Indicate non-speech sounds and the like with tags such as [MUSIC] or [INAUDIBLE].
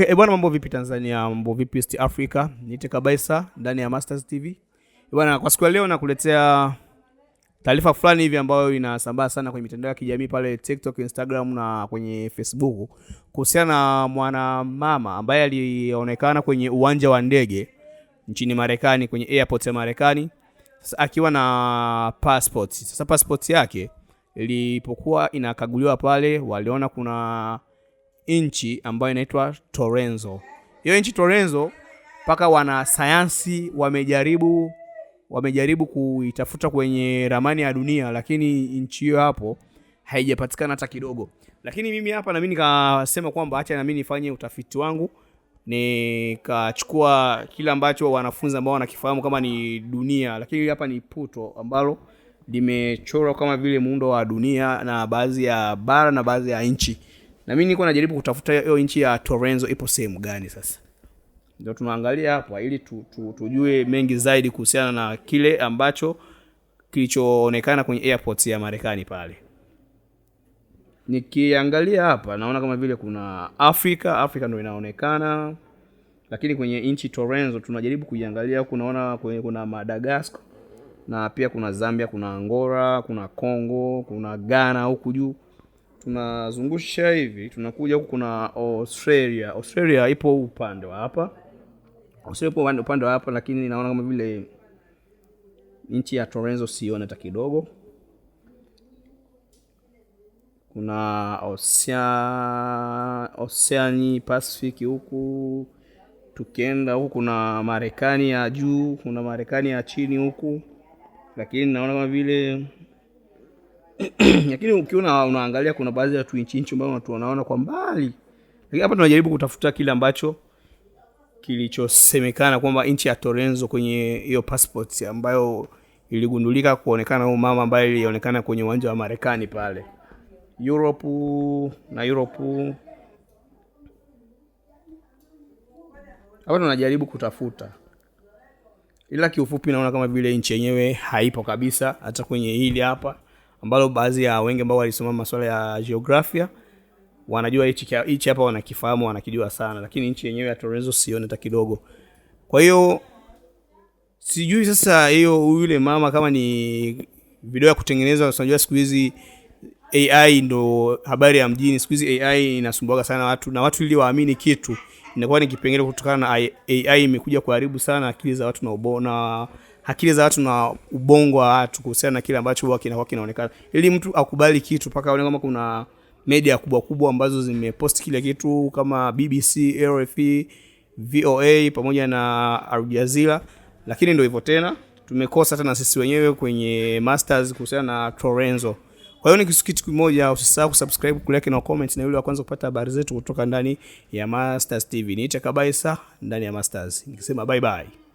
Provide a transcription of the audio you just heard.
Okay, eh, bwana mambo vipi Tanzania, mambo vipi East Africa? Niite kabisa ndani ya masters TV. Eh, bwana kwa siku ya leo nakuletea taarifa fulani hivi ambayo inasambaa sana kwenye mitandao ya kijamii pale TikTok, Instagram na kwenye Facebook kuhusiana na mwanamama ambaye alionekana kwenye uwanja wa ndege nchini Marekani kwenye airport ya Marekani sasa akiwa na passport. Sasa passport yake ilipokuwa inakaguliwa pale waliona kuna nchi ambayo inaitwa Torenzo. Hiyo nchi Torenzo, mpaka wanasayansi wamejaribu wamejaribu kuitafuta kwenye ramani ya dunia, lakini nchi hiyo hapo haijapatikana hata kidogo. Lakini mimi hapa nami nikasema kwamba acha nami nifanye utafiti wangu, nikachukua kile ambacho wanafunzi ambao wanakifahamu kama ni dunia, lakini hapa ni puto ambalo limechorwa kama vile muundo wa dunia na baadhi ya bara na baadhi ya nchi na mimi niko najaribu kutafuta hiyo nchi ya Torenzo ipo sehemu gani. Sasa ndio tunaangalia hapa ili tu, tu, tujue mengi zaidi kuhusiana na kile ambacho kilichoonekana kwenye airport ya Marekani pale. Nikiangalia hapa naona kama vile kuna Afrika, Afrika ndio inaonekana, lakini kwenye nchi Torenzo tunajaribu kuiangalia huku, naona kuna Madagascar na pia kuna Zambia, kuna Angola, kuna Congo, kuna Ghana huku juu tunazungusha hivi, tunakuja huku, kuna Australia. Australia ipo upande wa hapa, Australia ipo upande wa hapa, lakini naona kama vile nchi ya Torenzo sione hata kidogo. Kuna Ocean, Oceani Pacific huku tukienda huku kuna Marekani ya juu, kuna Marekani ya chini huku, lakini naona kama vile [CLEARS THROAT] lakini ukiona unaangalia, kuna baadhi ya tuinchinchi nchi ambayo tunaona kwa mbali, lakini hapa tunajaribu kutafuta kile ambacho kilichosemekana kwamba nchi ya Torenzo kwenye hiyo passport ambayo iligundulika kuonekana huyu mama ambaye ilionekana kwenye uwanja wa Marekani pale Europe na Europe. Hapa tunajaribu kutafuta, ila kiufupi naona kama vile nchi yenyewe haipo kabisa, hata kwenye hili hapa ambalo baadhi ya wengi ambao walisoma masuala ya geografia wanajua hichi hichi hapa wanakifahamu wanakijua sana, lakini nchi yenyewe ya Torrezo sioni hata kidogo. Kwa hiyo sijui sasa hiyo yule mama kama ni video ya kutengenezwa. Unajua siku hizi AI ndo habari ya mjini. Siku hizi AI inasumbuaga sana watu na watu ili waamini kitu inakuwa ni kipengele, kutokana na AI imekuja kuharibu sana akili za watu na ubona akili za watu na ubongo wa watu kuhusiana na kile ambacho huwa kinakuwa kinaonekana, ili mtu akubali kitu mpaka aone kama kuna media kubwa kubwa ambazo zimepost kile kitu kama BBC, rf VOA pamoja na Al Jazeera, lakini ndio hivyo tena, tumekosa tena sisi wenyewe kwenye masters kuhusiana na torenzo Kwa hiyo ni kitu kimoja, usisahau kusubscribe, kulike na comment, na yule wa kwanza kupata habari zetu kutoka ndani ya Masters TV. Niite Kabaisa ndani ya Masters, nikisema bye bye.